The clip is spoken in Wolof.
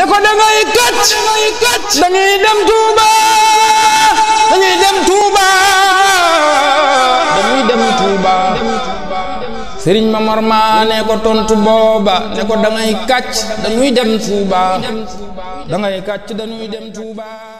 ne ko da ngay kàcc da ngay dem Touba sëriñ Mamar maa ne ko tontu booba ne ko da ngay kàcc dañuy dem Touba da ngay kàcc dem Touba